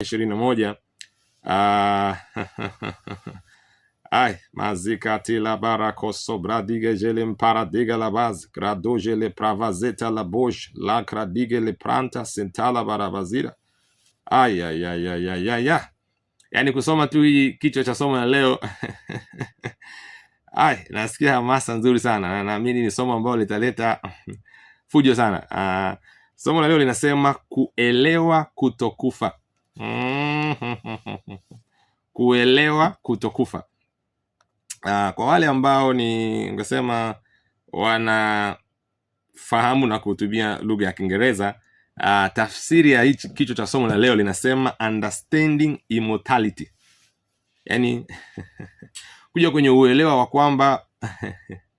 ishirini na moja ay mazikati la bradige jele mparadiga la baz gradoje jele pravazeta la bosh la kradige le pranta sentala barabazira ayayayayaya yani kusoma tu hii kichwa cha somo la leo ay nasikia hamasa nzuri sana na naamini ni somo ambalo litaleta fujo sana. Uh, somo la leo linasema kuelewa kutokufa. Mm-hmm. kuelewa kutokufa. Aa, ah, kwa wale ambao ni ngesema wanafahamu na kuhutumia lugha ya Kiingereza uh, tafsiri ya hichi kichwa cha somo la leo linasema understanding immortality, yaani kuja kwenye uelewa wa kwamba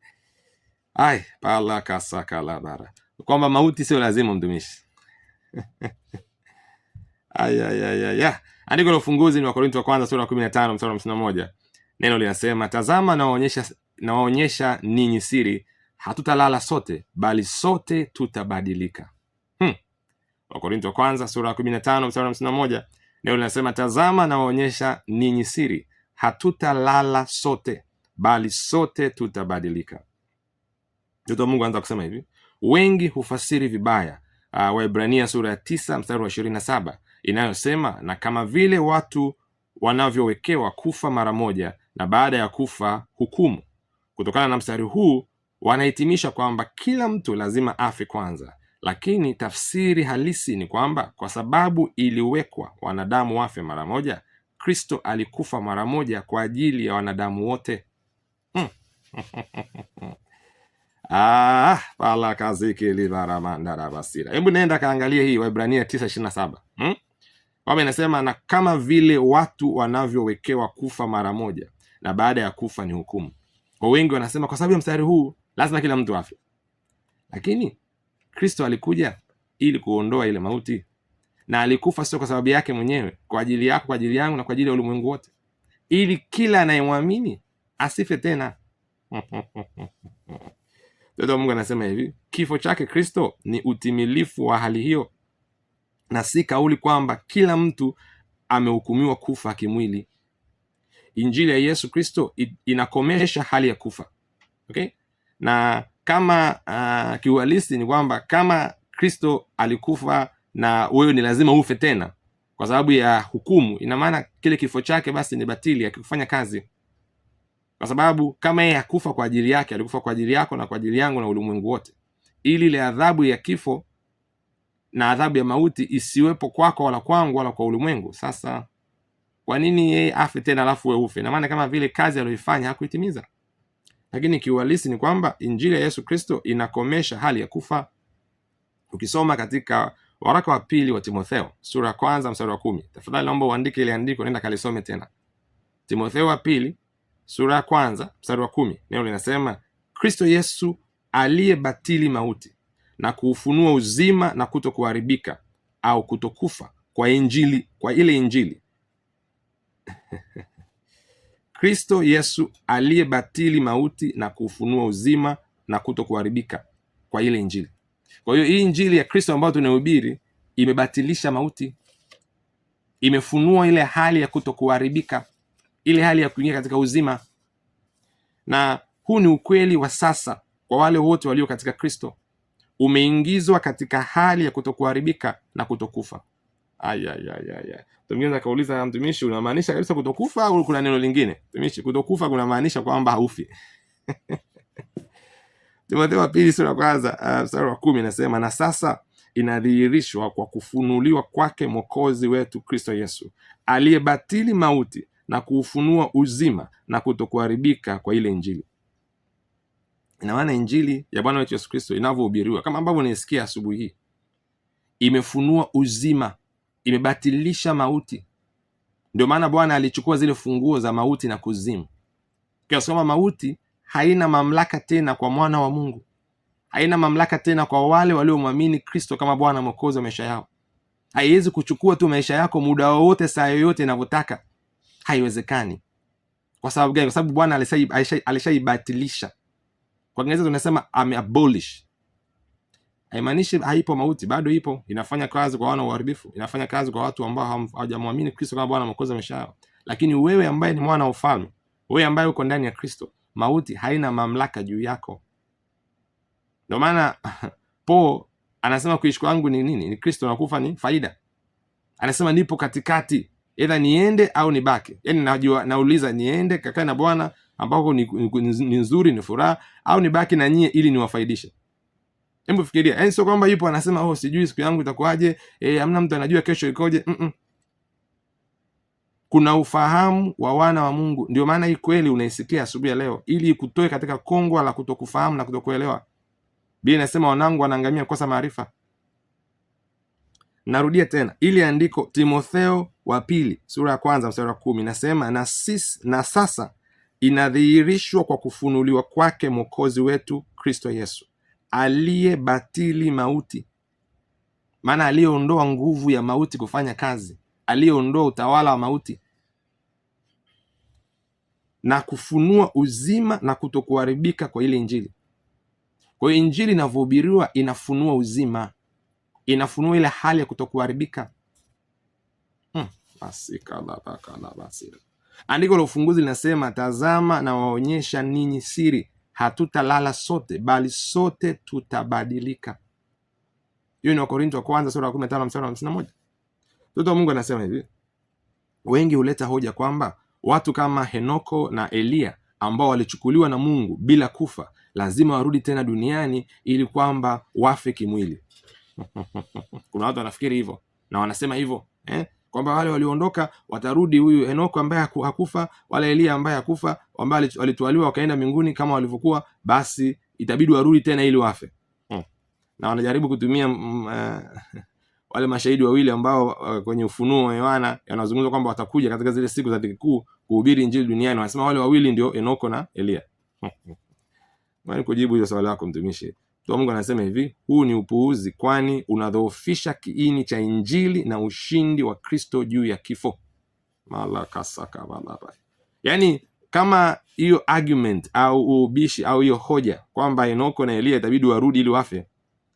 ai pala kasaka la bara kwamba mauti sio lazima mtumishi andiko la ufunguzi ni Wakorintho wa kwanza sura ya kumi na tano mstari wa hamsini na moja. Neno linasema tazama, nawaonyesha nawaonyesha ninyi siri, hatutalala sote, bali sote tutabadilika. Hmm. Wakorintho wa kwanza sura ya kumi na tano mstari wa hamsini na moja. Neno linasema tazama, nawaonyesha ninyi siri, hatutalala sote, bali sote tutabadilika. Mtoto wa Mungu anaanza kusema hivi, wengi hufasiri vibaya. Uh, ah, Waibrania sura ya tisa mstari wa ishirini na saba inayosema na kama vile watu wanavyowekewa kufa mara moja na baada ya kufa hukumu. Kutokana na mstari huu wanahitimisha kwamba kila mtu lazima afe kwanza, lakini tafsiri halisi ni kwamba kwa sababu iliwekwa wanadamu wafe mara moja, Kristo alikufa mara moja kwa ajili ya wanadamu wote. hmm. Ah, pala basira. Hebu nenda kaangalie hii Waibrania 9:27. Hmm? Kwamba inasema na kama vile watu wanavyowekewa kufa mara moja na baada ya kufa ni hukumu. Kwa wengi wanasema kwa sababu ya mstari huu lazima kila mtu afe, lakini Kristo alikuja ili kuondoa ile mauti, na alikufa sio kwa sababu yake mwenyewe, kwa ajili yako, kwa ajili yangu na kwa ajili ya ulimwengu wote, ili kila anayemwamini asife tena. Mtoto wa Mungu anasema hivi, kifo chake Kristo ni utimilifu wa hali hiyo na si kauli kwamba kila mtu amehukumiwa kufa kimwili. Injili ya Yesu Kristo inakomesha hali ya kufa okay? na kama uh, kiuhalisi ni kwamba kama Kristo alikufa na wewe ni lazima ufe tena kwa sababu ya hukumu, ina maana kile kifo chake basi ni batili, akikufanya kazi, kwa sababu kama yeye hakufa kwa ajili yake, alikufa kwa ajili yako na kwa ajili yangu na ulimwengu wote, ili ile adhabu ya kifo na adhabu ya mauti isiwepo kwako wala kwangu wala kwa ulimwengu. Sasa kwa nini yeye afe tena alafu wewe ufe? Na maana kama vile kazi aliyoifanya hakuitimiza. Lakini kiuhalisi ni kwamba injili ya Yesu Kristo inakomesha hali ya kufa. Ukisoma katika waraka wa pili wa Timotheo sura ya kwanza mstari wa kumi, tafadhali naomba uandike ile andiko, nenda kalisome tena. Timotheo wa pili sura ya kwanza mstari wa kumi, neno linasema Kristo Yesu aliyebatili mauti na kuufunua uzima na kuto kuharibika au kutokufa kwa injili, kwa ile injili Kristo Yesu aliyebatili mauti na kuufunua uzima na kuharibika kwa ile injili. Kwa hiyo hii injili ya Kristo ambayo tunahubiri imebatilisha mauti, imefunua ile hali ya kuto kuharibika ile hali ya kuingia katika uzima. Na huu ni ukweli wa sasa kwa wale wote walio katika Kristo umeingizwa katika hali ya kutokuharibika na kutokufa. Mtumishi akauliza, mtumishi, unamaanisha kabisa kutokufa au kuna neno lingine? Mtumishi, kutokufa kunamaanisha kwamba haufi. Timotheo wa pili sura ya kwanza uh, mstari wa kumi inasema na sasa inadhihirishwa kwa kufunuliwa kwake Mwokozi wetu Kristo Yesu, aliyebatili mauti na kuufunua uzima na kutokuharibika kwa ile Injili ina maana injili ya Bwana wetu Yesu Kristo inavyohubiriwa kama ambavyo unaisikia asubuhi hii, imefunua uzima, imebatilisha mauti. Ndio maana Bwana alichukua zile funguo za mauti na kuzimu, kiasi mauti haina mamlaka tena kwa mwana wa Mungu, haina mamlaka tena kwa wale waliomwamini Kristo kama Bwana mwokozi wa maisha yao. Haiwezi kuchukua tu maisha yako muda wowote, saa yoyote inavyotaka. Haiwezekani. Kwa sababu gani? Kwa sababu Bwana alishaibatilisha alisha, kwa Kiingereza tunasema ameabolish. Haimaanishi haipo mauti, bado ipo, inafanya kazi kwa wana uharibifu, inafanya kazi kwa watu ambao hawajamwamini Kristo kama Bwana Mwokozi wa maisha yao. Lakini wewe ambaye ni mwana wa ufalme, wewe ambaye uko ndani ya Kristo, mauti haina mamlaka juu yako. Ndio maana Paulo anasema kuishi kwangu ni nini? Ni Kristo, na kufa ni faida. Anasema nipo katikati, edha niende au nibaki. Yaani najua nauliza, niende kakae na Bwana ambako ni, ni, ni nzuri ni furaha au nibaki na nyie ili niwafaidishe hebu fikiria yani sio kwamba yupo anasema oh sijui siku yangu itakuwaje eh hamna mtu anajua kesho ikoje mm -mm. kuna ufahamu wa wana wa Mungu ndio maana hii kweli unaisikia asubuhi ya leo ili ikutoe katika kongwa la kutokufahamu na kutokuelewa bii inasema wanangu wanaangamia kukosa maarifa Narudia tena ili andiko Timotheo wa pili sura ya kwanza mstari wa kumi nasema na, sis, na sasa inadhihirishwa kwa kufunuliwa kwake mwokozi wetu Kristo Yesu aliyebatili mauti, maana aliyeondoa nguvu ya mauti kufanya kazi, aliyeondoa utawala wa mauti na kufunua uzima na kutokuharibika kwa ile Injili. Kwa hiyo Injili inavyohubiriwa inafunua uzima, inafunua ile hali ya kutokuharibika. hmm. Andiko la ufunguzi linasema, tazama na waonyesha ninyi siri, hatutalala sote, bali sote tutabadilika. Hiyo ni Wakorintho wa kwanza sura ya kumi na tano mstari wa hamsini na moja. Mtoto wa Mungu anasema hivi, wengi huleta hoja kwamba watu kama Henoko na Eliya ambao walichukuliwa na Mungu bila kufa lazima warudi tena duniani ili kwamba wafe kimwili. Kuna watu wanafikiri hivyo na wanasema hivyo eh? kwamba wale walioondoka watarudi, huyu Henoko ambaye hakufa wala Elia ambaye hakufa, ambao walitwaliwa wakaenda mbinguni kama walivyokuwa, basi itabidi warudi tena ili wafe hmm. Na wanajaribu kutumia mm, uh, wale mashahidi wawili ambao uh, kwenye Ufunuo wa Yohana yanazungumza kwamba watakuja katika zile siku za dhiki kuu kuhubiri injili duniani. Wanasema wale wawili ndio Henoko na Elia. hmm. hmm. Kujibu hiyo swali lako mtumishi. Kwa Mungu anasema hivi, huu ni upuuzi, kwani unadhoofisha kiini cha injili na ushindi wa Kristo juu ya kifo. Yaani, kama hiyo argument au ubishi au hiyo hoja kwamba Enoko na Elia itabidi warudi ili wafe,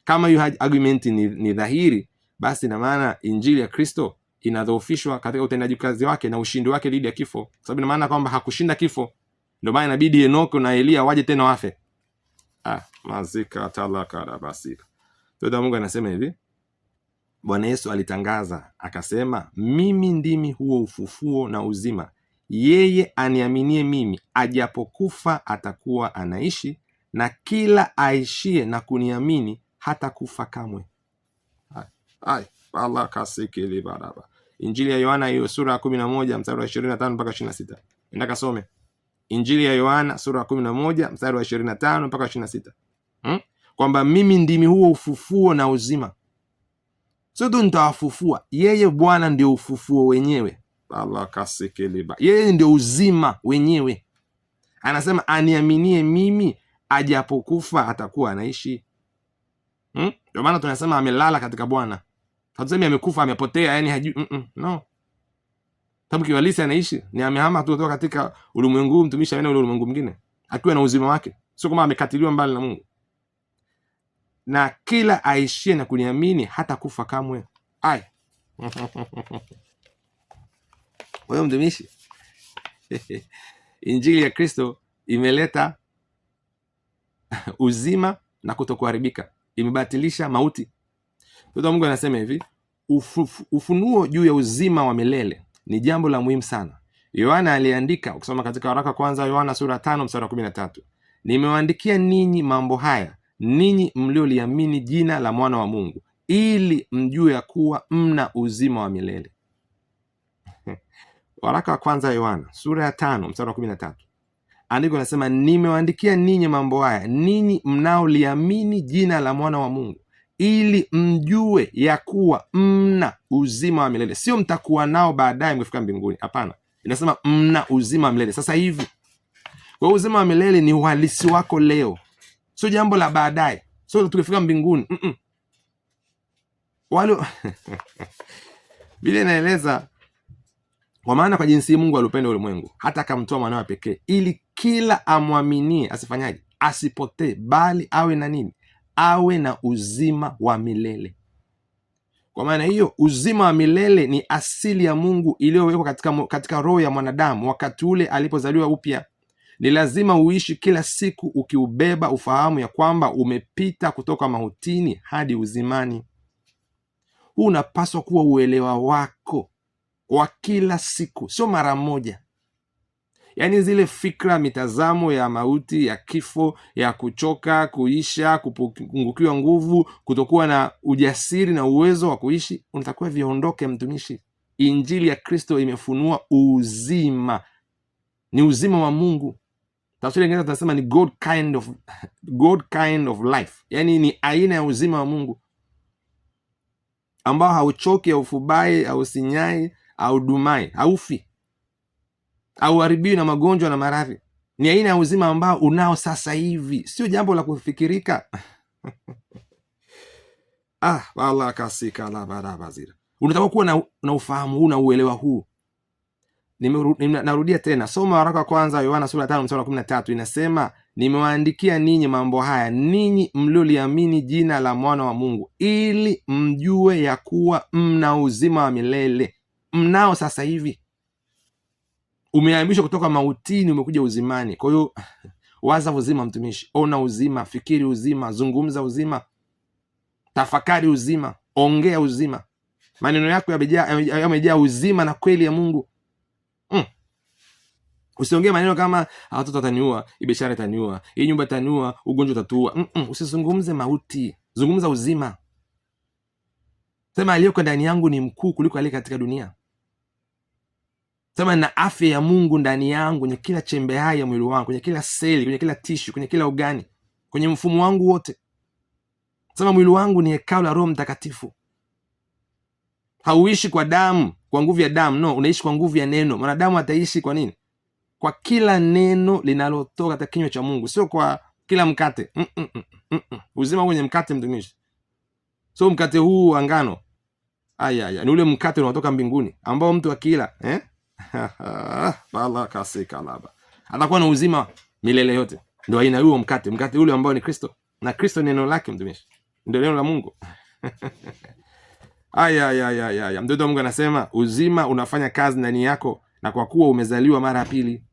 kama hiyo argument ni, ni dhahiri, basi na maana injili ya Kristo inadhoofishwa katika utendaji kazi wake na ushindi wake dhidi ya kifo, sababu ina maana kwamba hakushinda kifo. Ndio maana inabidi Enoko na Elia waje tena wafe. Ah, mazika talaka rabasika. Toda Mungu anasema hivi. Bwana Yesu alitangaza akasema, mimi ndimi huo ufufuo na uzima, yeye aniaminie mimi, ajapokufa atakuwa anaishi, na kila aishie na kuniamini hata kufa kamwe. Injili ya Yohana hiyo sura ya kumi na moja mstari wa ishirini na tano mpaka ishirini na sita. Enda kasome. Injili ya Yohana sura ya kumi na moja mstari wa ishirini na tano mpaka ishirini na sita hmm? kwamba mimi ndimi huo ufufuo na uzima, sio tu nitawafufua. Yeye Bwana ndio ufufuo wenyewe, yeye ndio uzima wenyewe. Anasema aniaminie mimi, ajapokufa atakuwa anaishi. Hmm? Ndio hmm? maana tunasema amelala katika Bwana, hatusemi amekufa amepotea, yani hajui mm -mm, no sababu kiwalisi anaishi ni amehama tu kutoka katika ulimwengu huu, mtumishi aenda ule ulimwengu mwingine akiwa na uzima wake, sio kama amekatiliwa mbali na Mungu. Na kila aishie na kuniamini hata kufa kamwe. Aya, wewe mtumishi Injili ya Kristo imeleta uzima na kutokuharibika, imebatilisha mauti. Mtoto wa Mungu anasema hivi ufunuo juu ya uzima wa milele ni jambo la muhimu sana. Yohana aliandika, ukisoma katika waraka kwanza Yohana sura tano mstari wa kumi na tatu nimewaandikia ninyi mambo haya ninyi mlioliamini jina la mwana wa Mungu ili mjue ya kuwa mna uzima wa milele. Waraka wa kwanza Yohana sura ya tano mstari wa kumi na tatu andiko linasema nimewaandikia ninyi mambo haya ninyi mnaoliamini jina la mwana wa Mungu ili mjue ya kuwa mna uzima wa milele. Sio mtakuwa nao baadaye mkifika mbinguni, hapana. Inasema mna uzima wa milele sasa hivi. Kwa hiyo uzima wa milele ni uhalisi wako leo, sio jambo la baadaye, sio tukifika mbinguni. mm -mm. Walo... bila inaeleza kwa maana kwa jinsi Mungu aliupenda ulimwengu hata akamtoa mwanawe pekee, ili kila amwaminie asifanyaje? Asipotee, bali awe na nini? awe na uzima wa milele. Kwa maana hiyo, uzima wa milele ni asili ya Mungu iliyowekwa katika, katika roho ya mwanadamu wakati ule alipozaliwa upya. Ni lazima uishi kila siku ukiubeba ufahamu ya kwamba umepita kutoka mautini hadi uzimani. Huu unapaswa kuwa uelewa wako wa kila siku, sio mara moja yaani zile fikra, mitazamo ya mauti, ya kifo, ya kuchoka, kuisha, kupungukiwa nguvu, kutokuwa na ujasiri na uwezo wa kuishi, unatakiwa viondoke, mtumishi. Injili ya Kristo imefunua uzima, ni uzima wa Mungu. Tafsiri nyingine tunasema ni God kind of, God kind of life, yaani ni aina ya uzima wa Mungu ambao hauchoki, haufubai, hausinyai, haudumai, haufi hauharibiwi na magonjwa na maradhi. Ni aina ya uzima ambao unao sasa hivi, sio jambo la kufikirika. Ah, wala kasika la barabazira, kuwa na, na ufahamu huu na uelewa huu. Narudia tena, soma waraka wa kwanza Yohana sura tano mstari wa kumi na tatu inasema nimewaandikia ninyi mambo haya ninyi mlioliamini jina la mwana wa Mungu, ili mjue ya kuwa mna uzima wa milele mnao sasa hivi umehamishwa kutoka mautini, umekuja uzimani. Kwa hiyo waza uzima, mtumishi, ona uzima, fikiri uzima, zungumza uzima, tafakari uzima, ongea uzima, maneno yako yamejaa uzima na kweli ya Mungu. Mm. Usiongee maneno kama watoto wataniua, biashara itaniua, hii nyumba itaniua, ugonjwa utatuua. Mm -mm. Usizungumze mauti, zungumza uzima. Sema aliyoko ndani yangu ni mkuu kuliko aliye katika dunia sema na afya ya Mungu ndani yangu, kwenye kila chembe hai ya mwili wangu, kwenye kila seli, kwenye kila tishu, kwenye kila ugani, kwenye mfumo wangu wote. Sema mwili wangu ni hekalu la Roho Mtakatifu. Hauishi kwa damu, kwa nguvu ya damu, no, unaishi kwa nguvu ya neno. Mwanadamu ataishi kwa nini? Kwa kila neno linalotoka katika kinywa cha Mungu, sio kwa kila mkate. mm -mm, mm -mm. mm. Uzima kwenye mkate, mtumishi, so mkate huu wa ngano, aya aya, ni ule mkate unaotoka mbinguni ambao mtu akila eh? balakasekalaba atakuwa na uzima milele yote. Ndo aina huo mkate, mkate ule ambao ni Kristo na Kristo neno lake, mtumishi, ndio neno la Mungu. Ayayayaya, mtoto wa Mungu anasema uzima unafanya kazi ndani yako, na kwa kuwa umezaliwa mara ya pili,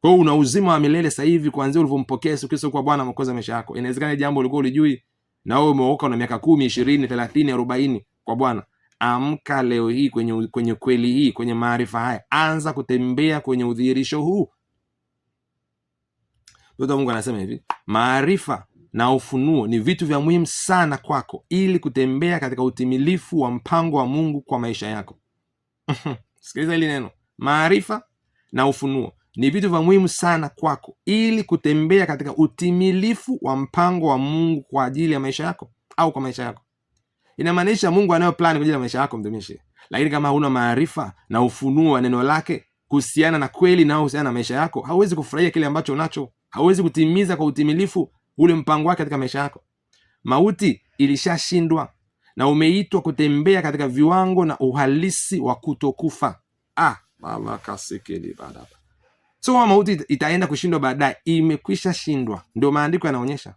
kwa hiyo una uzima wa milele sasa hivi, kuanzia ulivyompokea Yesu Kristo kuwa Bwana Mwokozi wa maisha yako. Inawezekana jambo ulikuwa ulijui, na wewe umeokoka na miaka kumi, ishirini, thelathini, arobaini kwa Bwana, Amka leo hii kwenye, kwenye kweli hii, kwenye maarifa haya. Anza kutembea kwenye udhihirisho huu. Mtoto wa Mungu anasema hivi, maarifa na ufunuo ni vitu vya muhimu sana kwako ili kutembea katika utimilifu wa mpango wa Mungu kwa maisha yako. Sikiliza hili neno, maarifa na ufunuo ni vitu vya muhimu sana kwako ili kutembea katika utimilifu wa mpango wa Mungu kwa ajili ya maisha yako au kwa maisha yako inamaanisha Mungu anayo plani kwa ajili ya maisha yako mtumishi, lakini kama huna maarifa na ufunuo wa neno lake kuhusiana na kweli inayohusiana na maisha yako, hauwezi kufurahia kile ambacho unacho, hauwezi kutimiza kwa utimilifu ule mpango wake katika maisha yako. Mauti ilishashindwa na umeitwa kutembea katika viwango na uhalisi wa kutokufa. Ah, so mauti itaenda kushindwa baadaye, imekwisha shindwa, ndio maandiko yanaonyesha,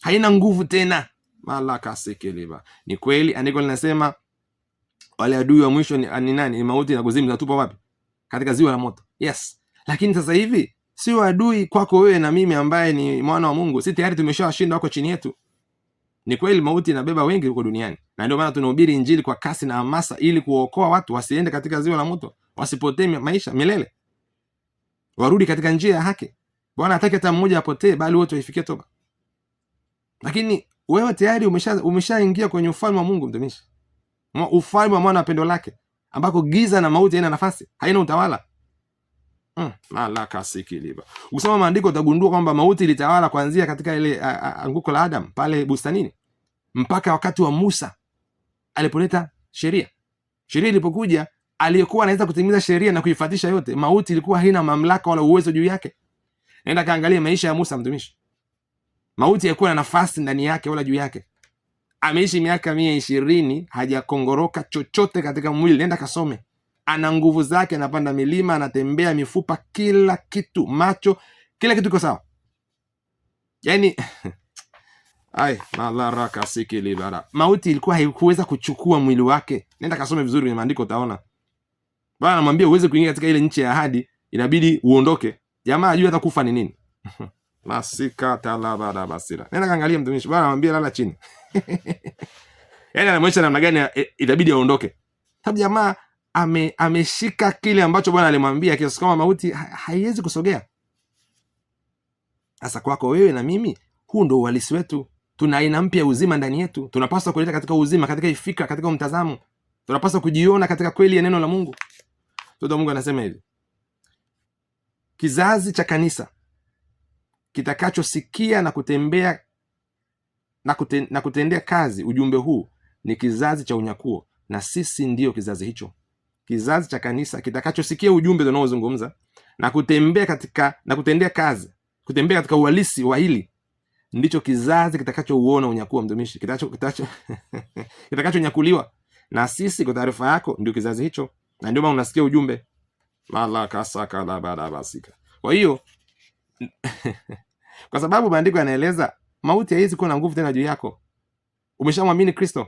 haina nguvu tena malakasekeliba. Ni kweli andiko linasema wale adui wa mwisho ni, ah, ni nani? Ni mauti na kuzimu, zitatupa wapi? Katika ziwa la moto. Yes, lakini sasa hivi sio adui kwako wewe na mimi, ambaye ni mwana wa Mungu. Si tayari tumeshawashinda, wako chini yetu. Ni kweli mauti inabeba wengi huko duniani, na ndio maana tunahubiri injili kwa kasi na hamasa, ili kuokoa watu wasiende katika ziwa la moto, wasipotee maisha milele, warudi katika njia ya haki. Bwana hataki hata mmoja apotee, bali wote waifikie toba. Lakini wewe tayari umeshaingia umesha kwenye ufalme wa Mungu mtumishi, ufalme wa mwana wa pendo lake ambako giza na mauti haina nafasi, haina utawala. Mm, ukisoma maandiko utagundua kwamba mauti ilitawala kuanzia katika ile anguko la Adam pale bustanini mpaka wakati wa Musa alipoleta sheria. Sheria ilipokuja, aliyekuwa anaweza kutimiza sheria na kuifatisha yote, mauti ilikuwa haina mamlaka wala uwezo juu yake. Naenda kaangalia maisha ya Musa mtumishi, mauti haikuwa na nafasi ndani yake wala juu yake. Ameishi miaka mia ishirini hajakongoroka chochote katika mwili. Nenda kasome, ana nguvu zake, anapanda milima, anatembea, mifupa, kila kitu, macho, kila kitu iko sawa. Yani ai sikilibara mauti ilikuwa haikuweza kuchukua mwili wake. Nenda kasome vizuri kwenye maandiko utaona. bana anamwambia uweze kuingia katika ile nchi ya ahadi, inabidi uondoke. Jamaa ajui hata kufa ni nini. Masika talabada basira. Nenda kaangalia mtumishi. Bwana anamwambia lala chini. Yaani anamwonyesha namna gani eh, itabidi aondoke. Sababu jamaa ame, ameshika kile ambacho Bwana alimwambia kiasi kama mauti haiwezi kusogea. Sasa kwako wewe na mimi, huu ndo uhalisi wetu. Tuna aina mpya uzima ndani yetu. Tunapaswa kuleta katika uzima, katika ifikra, katika mtazamo. Tunapaswa kujiona katika kweli ya neno la Mungu. Mtoto wa Mungu anasema hivi, kizazi cha kanisa kitakachosikia na kutembea na, kute, na kutendea kazi ujumbe huu ni kizazi cha unyakuo, na sisi ndiyo kizazi hicho, kizazi cha kanisa kitakachosikia ujumbe unaozungumza na kutembea katika na kutendea kazi, kutembea katika uhalisi wa hili ndicho kizazi kitakachouona unyakuo, mtumishi, kitakacho kitakachonyakuliwa na sisi. Kwa taarifa yako, ndio kizazi hicho, na ndio maana unasikia ujumbe Kwa hiyo kwa sababu maandiko yanaeleza mauti haiwezi kuwa na nguvu tena juu yako. Umeshamwamini Kristo,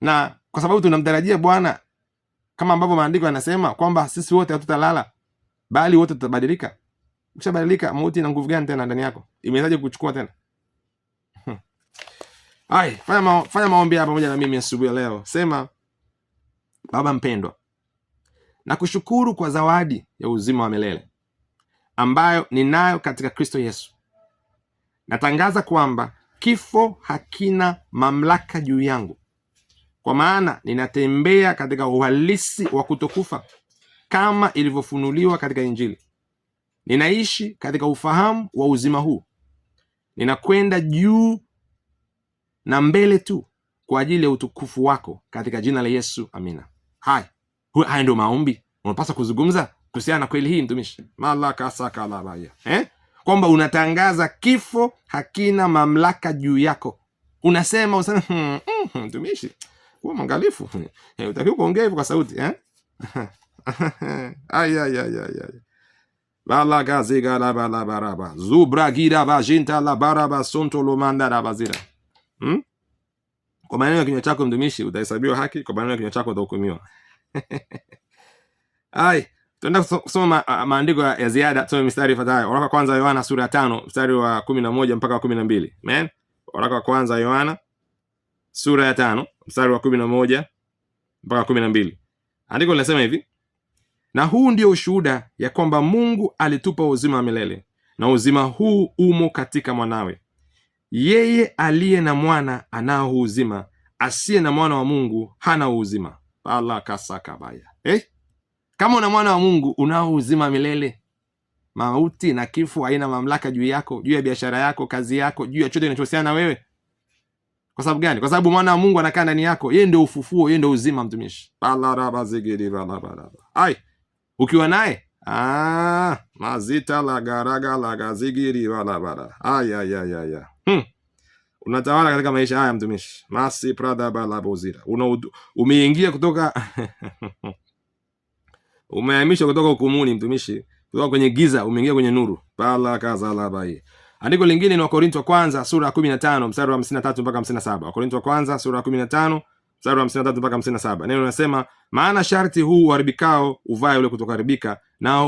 na kwa sababu tunamtarajia Bwana kama ambavyo maandiko yanasema kwamba sisi wote hatutalala bali wote tutabadilika. Ukishabadilika, mauti na nguvu gani tena ndani yako? Imewezaje kuchukua tena? Ai, fanya, ma- fanya maombi hapa pamoja na mimi asubuhi ya leo. Sema, Baba mpendwa, nakushukuru kwa zawadi ya uzima wa milele ambayo ninayo katika Kristo Yesu. Natangaza kwamba kifo hakina mamlaka juu yangu, kwa maana ninatembea katika uhalisi wa kutokufa kama ilivyofunuliwa katika Injili. Ninaishi katika ufahamu wa uzima huu. Ninakwenda juu na mbele tu kwa ajili ya utukufu wako, katika jina la Yesu, amina. Haya, haya ndio maombi unapaswa kuzungumza kuhusiana na kweli hii, mtumishi malaka saka malakasakalabaya eh? kwamba unatangaza kifo hakina mamlaka juu yako. Unasema usema hmm, hmm, hmm, mtumishi kuwa mwangalifu hey, eh, utakiwa kuongea hivyo kwa sauti eh? ay ay ay ay bala bala gazi gala baraba baraba zubra gira la lo manda la bazira hmm? Kwa maneno ya kinywa chako mtumishi utahesabiwa haki, kwa maneno ya kinywa chako utahukumiwa. ai Tunaenda kusoma uh, maandiko ya ziada. Tusome mistari ifuatayo. Waraka wa kwanza Yohana sura ya tano mstari wa kumi na moja mpaka wa kumi na mbili. Waraka wa kwanza Yohana sura ya tano mstari wa kumi na moja mpaka kumi na mbili. Andiko linasema hivi: na huu ndio ushuhuda ya kwamba Mungu alitupa uzima wa milele, na uzima huu umo katika mwanawe. Yeye aliye na mwana anao uzima, asiye na mwana wa Mungu hana uzima. balakasakabaya eh? Kama una mwana wa Mungu unao uzima milele. Mauti na kifo haina mamlaka juu yako, juu ya biashara yako, kazi yako, juu ya chote kinachohusiana na wewe. Kwa sababu gani? Kwa sababu mwana wa Mungu anakaa ndani yako. Yeye ndio ufufuo, yeye ndio uzima, mtumishi. Ai, ukiwa naye ah, mazita la garaga la gazigiri wala bara. Ai ai ai ai. Hmm. Unatawala katika maisha haya mtumishi. Masi prada balabozira, Una umeingia kutoka umehamishwa kutoka hukumuni mtumishi, kutoka kwenye giza umeingia kwenye nuru. Pala bai. Andiko lingine ni Wakorintho wa kwanza sura ya 15 mstari wa 53 mpaka 57. Wakorintho wa kwanza sura ya 15 mstari wa 53 mpaka 57. Neno linasema maana sharti huu uharibikao uvae ule kutokuharibika, na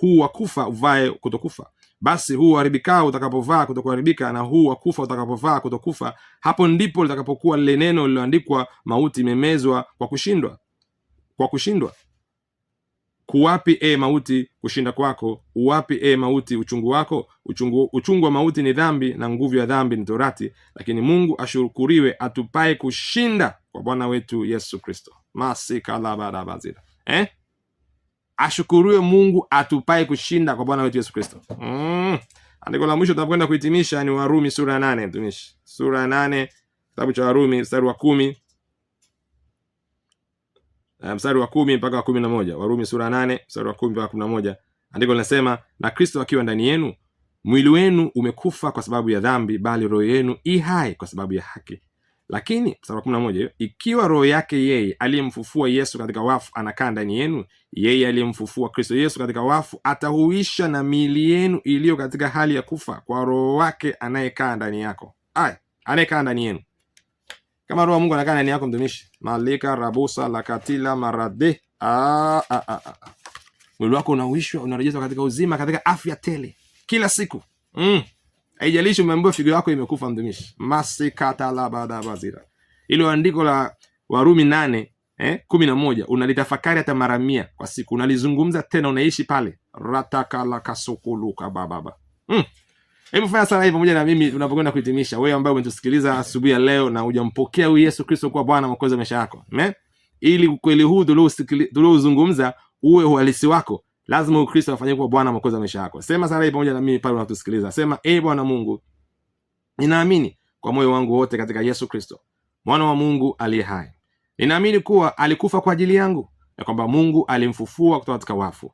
huu wa kufa uvae kutokufa. Basi huu uharibikao utakapovaa kutokuharibika, na huu wa kufa utakapovaa kutokufa, hapo ndipo litakapokuwa lile neno lililoandikwa, mauti imemezwa kwa kushindwa, kwa kushindwa kuwapi e mauti kushinda kwako? Uwapi e mauti uchungu wako? Uchungu, uchungu wa mauti ni dhambi, na nguvu ya dhambi ni torati. Lakini Mungu ashukuriwe, atupaye kushinda kwa Bwana wetu Yesu Kristo. masikalabadabazira eh? Ashukuriwe Mungu atupaye kushinda kwa Bwana wetu Yesu Kristo. mm. Andiko la mwisho tunapokwenda kuhitimisha ni Warumi sura ya nane, mtumishi, sura ya nane, kitabu cha Warumi mstari wa kumi uh, mstari wa kumi mpaka wa kumi na moja Warumi sura nane mstari wa kumi mpaka kumi na moja andiko linasema na Kristo akiwa ndani yenu, mwili wenu umekufa kwa sababu ya dhambi, bali roho yenu i hai kwa sababu ya haki. Lakini mstari wa kumi na moja ikiwa roho yake yeye aliyemfufua Yesu katika wafu anakaa ndani yenu, yeye aliyemfufua Kristo Yesu katika wafu atahuisha na miili yenu iliyo katika hali ya kufa kwa roho wake anayekaa ndani yako, anayekaa ndani yenu kama roho Mungu anakaa ndani yako mtumishi. Malika rabusa la katila marade. Ah ah, ah, ah, ah, Mwili wako unauishwa, unarejezwa katika uzima, katika afya tele kila siku. Mm. Haijalishi umeambiwa figo yako imekufa mtumishi. Masikata la baada bazira. Ile andiko la Warumi nane eh, kumi na moja unalitafakari hata mara mia kwa siku, unalizungumza tena, unaishi pale ratakala kasukuluka bababa mm. Hebu fanya sala hii pamoja na mimi tunapokwenda kuhitimisha. Wewe ambaye umetusikiliza asubuhi ya leo na hujampokea huyu Yesu Kristo kuwa Bwana Mwokozi wa maisha yako, amen, ili ukweli huu tuliouzungumza uwe uhalisi wako, lazima Ukristo afanyike kuwa Bwana Mwokozi wa maisha yako. Sema sala hii pamoja na mimi pale unatusikiliza, sema: E Bwana Mungu, ninaamini kwa moyo wangu wote katika Yesu Kristo mwana wa Mungu aliye hai. Ninaamini kuwa alikufa kwa ajili yangu na kwamba Mungu alimfufua kutoka katika wafu.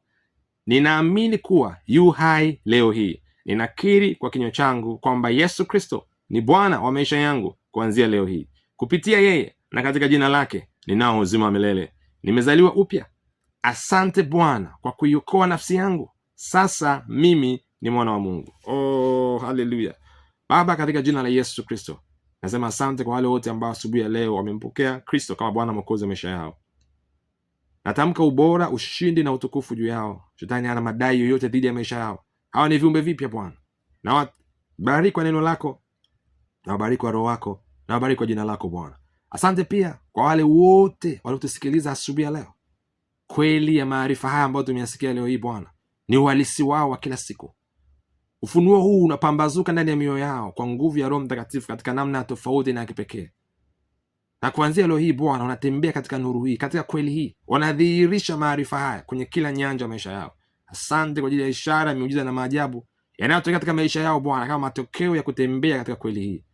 Ninaamini kuwa yu hai leo hii Ninakiri kwa kinywa changu kwamba Yesu Kristo ni Bwana wa maisha yangu kuanzia leo hii. Kupitia yeye na katika jina lake ninao uzima wa milele, nimezaliwa upya. Asante Bwana kwa kuiokoa nafsi yangu. Sasa mimi ni mwana wa Mungu. Oh, haleluya! Baba, katika jina la Yesu Kristo nasema asante kwa wale wote ambao asubuhi ya leo wamempokea Kristo kama Bwana mwokozi wa maisha yao. Natamka ubora, ushindi na utukufu juu yao. Shetani hana madai yoyote dhidi ya maisha yao hawa ni viumbe vipya Bwana, nawabariki kwa neno lako, nawabariki kwa roho wako, nawabariki kwa jina lako Bwana. Asante pia kwa wale wote waliotusikiliza asubuhi ya leo. Kweli ya maarifa haya ambayo tumeyasikia leo hii Bwana ni uhalisi wao wa kila siku. Ufunuo huu unapambazuka ndani ya mioyo yao kwa nguvu ya Roho Mtakatifu katika namna tofauti na ya kipekee, na kuanzia leo hii Bwana wanatembea katika nuru hii, katika kweli hii, wanadhihirisha maarifa haya kwenye kila nyanja ya maisha yao. Asante kwa ajili ya ishara, miujiza na maajabu yanayotokea katika maisha yao Bwana, kama matokeo ya kutembea katika kweli hii.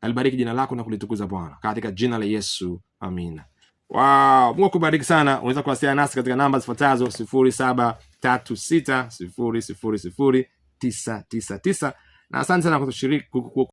Alibariki jina lako na kulitukuza Bwana, katika jina la Yesu, amina. Wow, Mungu akubariki sana. Unaweza kuwasiliana nasi katika namba zifuatazo: sifuri saba tatu sita sifuri sifuri sifuri tisa tisa tisa. Na asante sana kwa kushiriki.